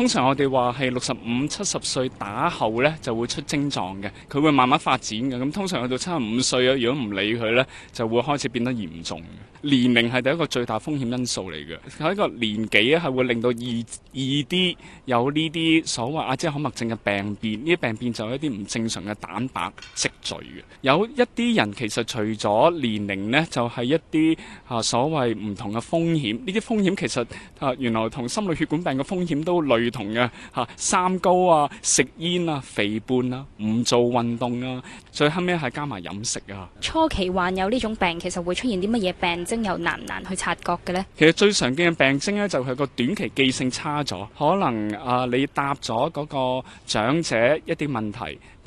通常我哋話係六十五七十歲打後呢，就會出症狀嘅，佢會慢慢發展嘅。咁通常去到七十五歲啊，如果唔理佢呢，就會開始變得嚴重。年齡係第一個最大風險因素嚟嘅，係一個年紀啊，係會令到易易啲有呢啲所謂阿茲海默症嘅病變。呢啲病變就係一啲唔正常嘅蛋白積聚嘅。有一啲人其實除咗年齡呢，就係一啲啊所謂唔同嘅風險。呢啲風險其實啊原來同心腦血管病嘅風險都類同嘅嚇，三高啊、食煙啊、肥胖啊、唔做運動啊，最後尾係加埋飲食啊。初期患有呢種病，其實會出現啲乜嘢病徵？又難唔難去察覺嘅呢？其實最常見嘅病徵呢，就係、是、個短期記性差咗，可能啊、呃、你答咗嗰個長者一啲問題。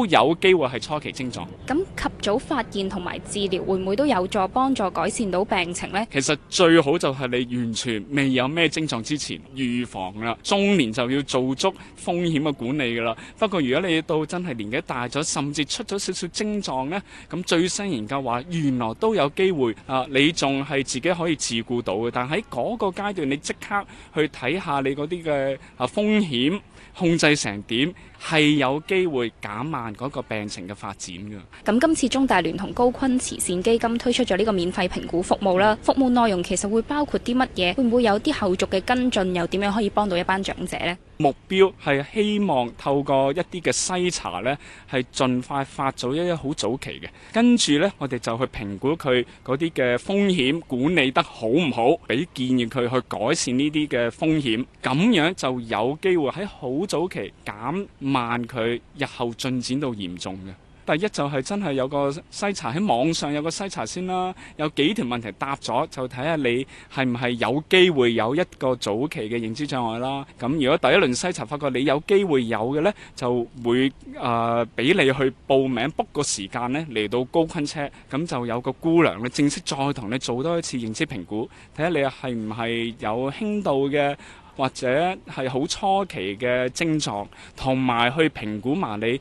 都有機會係初期症狀。咁及早發現同埋治療，會唔會都有助幫助改善到病情呢？其實最好就係你完全未有咩症狀之前預防啦。中年就要做足風險嘅管理噶啦。不過如果你到真係年紀大咗，甚至出咗少少症狀呢，咁最新研究話，原來都有機會啊！你仲係自己可以自顧到嘅，但喺嗰個階段，你即刻去睇下你嗰啲嘅啊風險控制成點，係有機會減慢。嗰個病情嘅發展㗎。咁今次中大聯同高錕慈善基金推出咗呢個免費評估服務啦。服務內容其實會包括啲乜嘢？會唔會有啲後續嘅跟進？又點樣可以幫到一班長者呢？目標係希望透過一啲嘅篩查呢係盡快發早一啲好早期嘅。跟住呢，我哋就去評估佢嗰啲嘅風險管理得好唔好，俾建議佢去改善呢啲嘅風險，咁樣就有機會喺好早期減慢佢日後進展到嚴重嘅。第一就係真係有個篩查喺網上有個篩查先啦，有幾條問題答咗就睇下你係唔係有機會有一個早期嘅認知障礙啦。咁如果第一輪篩查發覺你有機會有嘅呢，就會啊俾你去報名 book 個時間呢嚟到高錕車，咁就有個姑娘呢正式再同你做多一次認知評估，睇下你係唔係有輕度嘅或者係好初期嘅症狀，同埋去評估埋你。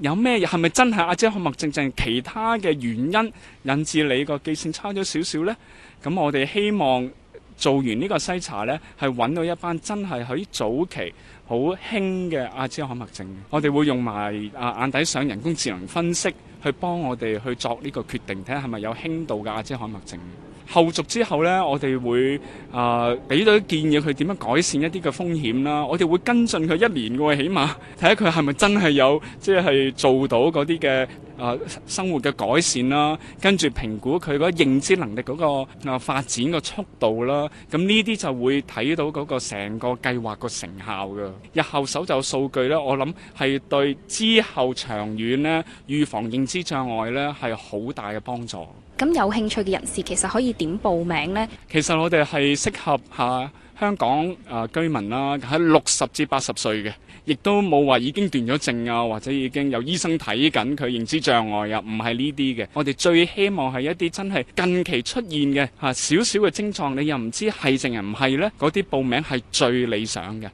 有咩嘢？係咪真係阿茲海默症症？其他嘅原因引致你個記性差咗少少呢？咁我哋希望做完呢個篩查呢，係揾到一班真係喺早期好輕嘅阿茲海默症。我哋會用埋啊眼底上人工智能分析，去幫我哋去作呢個決定，睇下係咪有輕度嘅阿茲海默症。後續之後咧，我哋會啊、呃、俾到建議佢點樣改善一啲嘅風險啦。我哋會跟進佢一年嘅喎，起碼睇下佢係咪真係有即係做到嗰啲嘅。誒生活嘅改善啦，跟住評估佢個認知能力嗰個啊發展，個速度啦，咁呢啲就會睇到嗰個成個計劃個成效嘅。日後蒐集數據咧，我諗，係對之後長遠咧預防認知障礙咧係好大嘅幫助。咁有興趣嘅人士其實可以點報名咧？其實我哋係適合嚇。香港啊、呃、居民啦，喺六十至八十歲嘅，亦都冇話已經斷咗症啊，或者已經有醫生睇緊佢認知障礙又唔係呢啲嘅，我哋最希望係一啲真係近期出現嘅吓少少嘅症狀，你又唔知係定係唔係咧？嗰啲報名係最理想嘅。